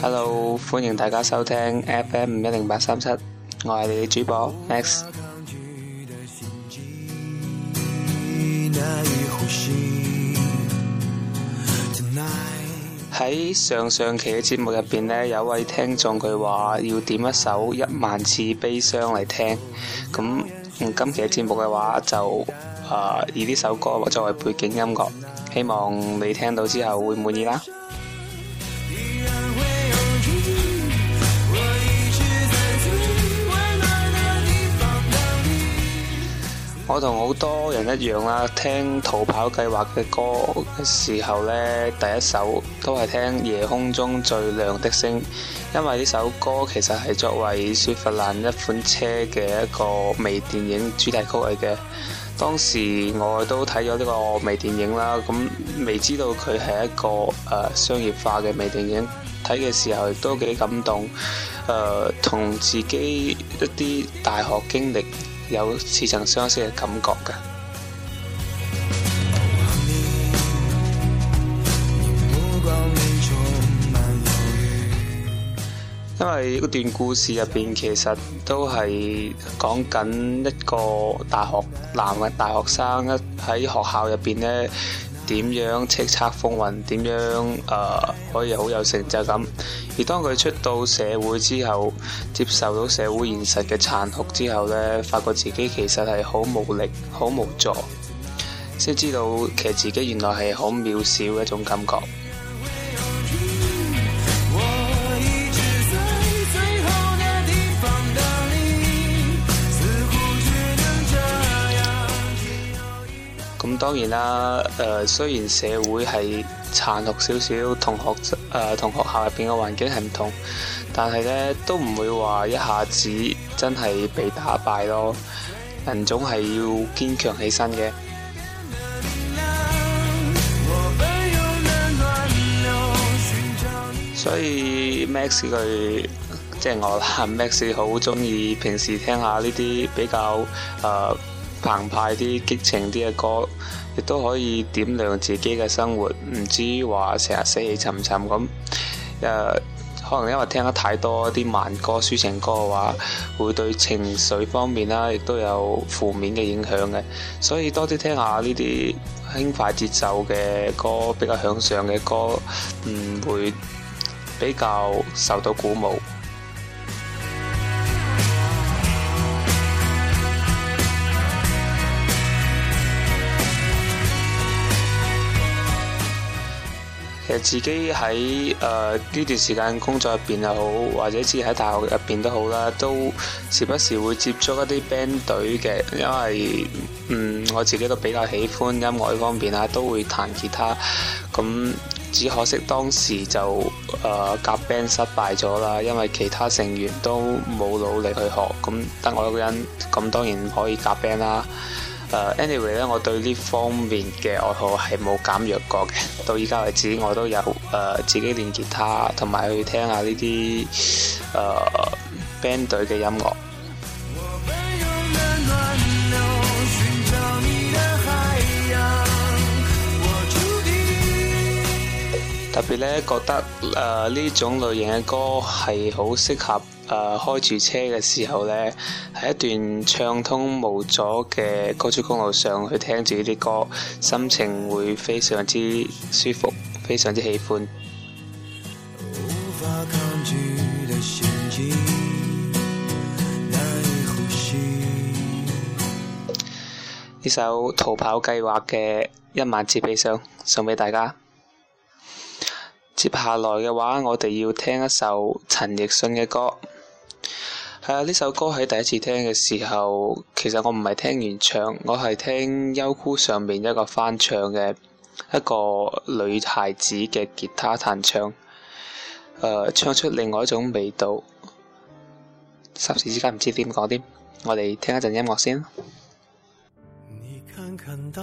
Hello，歡迎大家收聽 FM 一零八三七，我係你嘅主播 Max。喺上上期嘅節目入邊呢，有位聽眾佢話要點一首一萬次悲傷嚟聽，咁嗯今期嘅節目嘅話就誒以呢首歌作為背景音樂。希望你聽到之後會滿意啦～我同好多人一樣啦，聽《逃跑計劃》嘅歌嘅時候呢，第一首都係聽《夜空中最亮的星》，因為呢首歌其實係作為雪佛蘭一款車嘅一個微電影主題曲嚟嘅。當時我都睇咗呢個微電影啦，咁未知道佢係一個誒商業化嘅微電影，睇嘅時候都幾感動，誒同自己一啲大學經歷，有似曾相識嘅感覺㗎。因為段故事入邊其實都係講緊一個大學男嘅大學生喺學校入邊呢。點樣叱咤風雲？點樣誒、呃、可以好有成就感？而當佢出到社會之後，接受到社會現實嘅殘酷之後呢，發覺自己其實係好無力、好無助，先知道其實自己原來係好渺小嘅一種感覺。當然啦，誒、呃、雖然社會係殘酷少少，同學誒、呃、同學校入邊嘅環境係唔同，但係咧都唔會話一下子真係被打敗咯。人總係要堅強起身嘅。 所以 Max 佢即係我啦，Max 好鍾意平時聽下呢啲比較誒、呃澎湃啲激情啲嘅歌，亦都可以點亮自己嘅生活，唔至於話成日死氣沉沉咁。誒、呃、可能因為聽得太多啲慢歌、抒情歌嘅話，會對情緒方面啦，亦都有負面嘅影響嘅。所以多啲聽下呢啲輕快節奏嘅歌，比較向上嘅歌，唔、嗯、會比較受到鼓舞。其實自己喺誒呢段時間工作入邊又好，或者自己喺大學入邊都好啦，都時不時會接觸一啲 band 隊嘅，因為嗯我自己都比較喜歡音樂呢方面啦，都會彈吉他。咁只可惜當時就誒夾、呃、band 失敗咗啦，因為其他成員都冇努力去學，咁得我一個人，咁當然可以夾 band 啦。anyway 咧，uh, anyway, 我對呢方面嘅愛好係冇減弱過嘅。到而家為止，我都有誒、uh, 自己練吉他，同埋去聽下呢啲誒 band 隊嘅音樂。特別咧覺得誒呢、呃、種類型嘅歌係好適合誒、呃、開住車嘅時候咧，喺一段暢通無阻嘅高速公路上去聽住呢啲歌，心情會非常之舒服，非常之喜歡呢 首《逃跑計劃》嘅一萬次悲傷，送畀大家。接下來嘅話，我哋要聽一首陳奕迅嘅歌。係啊，呢首歌喺第一次聽嘅時候，其實我唔係聽原唱，我係聽優酷上面一個翻唱嘅一個女孩子嘅吉他彈唱，誒、呃，唱出另外一種味道。霎時之間唔知點講啲，我哋聽一陣音樂先。你看看大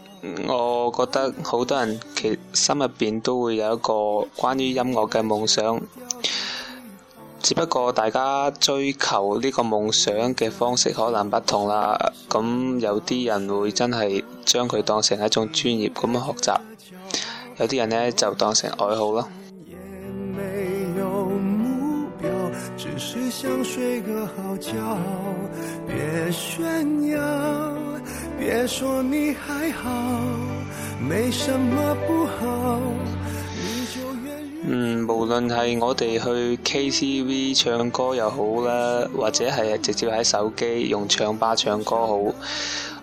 我覺得好多人其心入邊都會有一個關於音樂嘅夢想，只不過大家追求呢個夢想嘅方式可能不同啦。咁有啲人會真係將佢當成一種專業咁樣學習，有啲人呢就當成愛好咯。別說你還好，沒乜不好。嗯，無論係我哋去 KTV 唱歌又好啦，或者係直接喺手機用唱吧唱歌好，誒、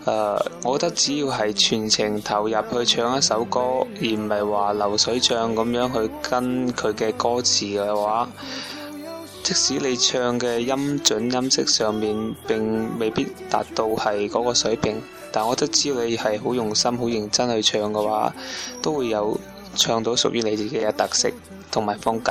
呃，我覺得只要係全程投入去唱一首歌，而唔係話流水賬咁樣去跟佢嘅歌詞嘅話。即使你唱嘅音準、音色上面並未必達到係嗰個水平，但我都知你係好用心、好認真去唱嘅話，都會有唱到屬於你自己嘅特色同埋風格。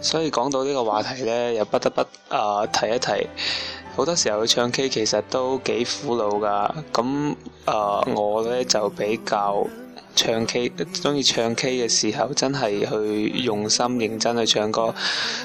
所以講到呢個話題咧，又不得不啊、呃、提一提。好多時候去唱 K 其實都幾苦惱噶。咁啊、呃，我咧就比較。唱 K，中意唱 K 嘅時候，真係去用心、認真去唱歌。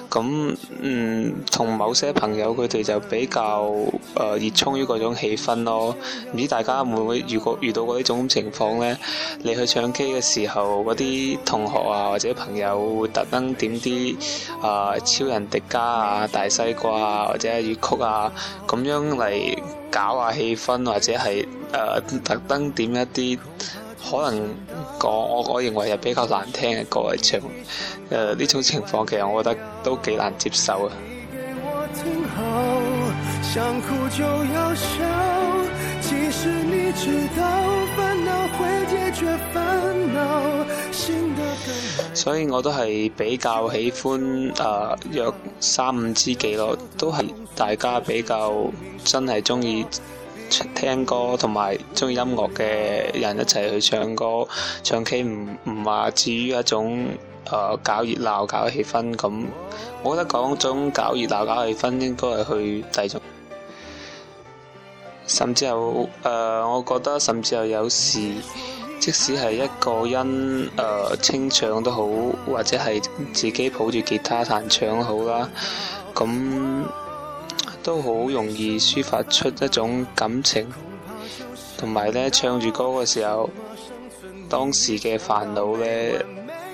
咁，嗯，同某些朋友佢哋就比較，誒、呃、熱衷於嗰種氣氛咯。唔知大家會唔會如果遇到過呢種情況呢，你去唱 K 嘅時候，嗰啲同學啊或者朋友會特登點啲誒、呃、超人迪加啊、大西瓜啊或者粵曲啊咁樣嚟搞下氣氛，或者係誒、呃、特登點一啲。可能講我我認為係比較難聽嘅歌嚟唱，誒呢、呃、種情況其實我覺得都幾難接受啊。 所以我都係比較喜歡誒、呃、約三五知己咯，都係大家比較真係中意。聽歌同埋中意音樂嘅人一齊去唱歌唱 K，唔唔話至於一種誒、呃、搞熱鬧搞氣氛咁，我覺得講種搞熱鬧搞氣氛應該係去第二種，甚至有誒、呃，我覺得甚至有有時，即使係一個人誒、呃、清唱都好，或者係自己抱住吉他彈唱都好啦，咁。都好容易抒發出一種感情，同埋咧，唱住歌嘅時候，當時嘅煩惱咧，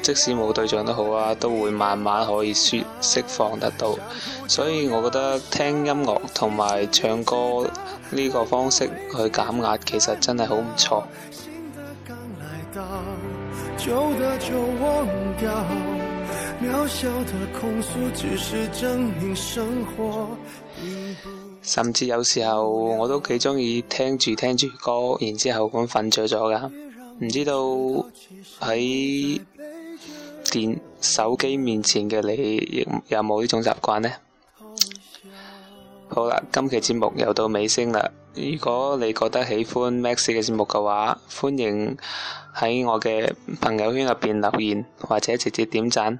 即使冇對象都好啊，都會慢慢可以舒釋放得到。所以，我覺得聽音樂同埋唱歌呢個方式去減壓，其實真係好唔錯。 甚至有時候我都幾鍾意聽住聽住歌，然之後咁瞓着咗㗎。唔知道喺電手機面前嘅你，有冇呢種習慣呢？好啦，今期節目又到尾聲啦。如果你覺得喜歡 Max 嘅節目嘅話，歡迎喺我嘅朋友圈入邊留言，或者直接點讚。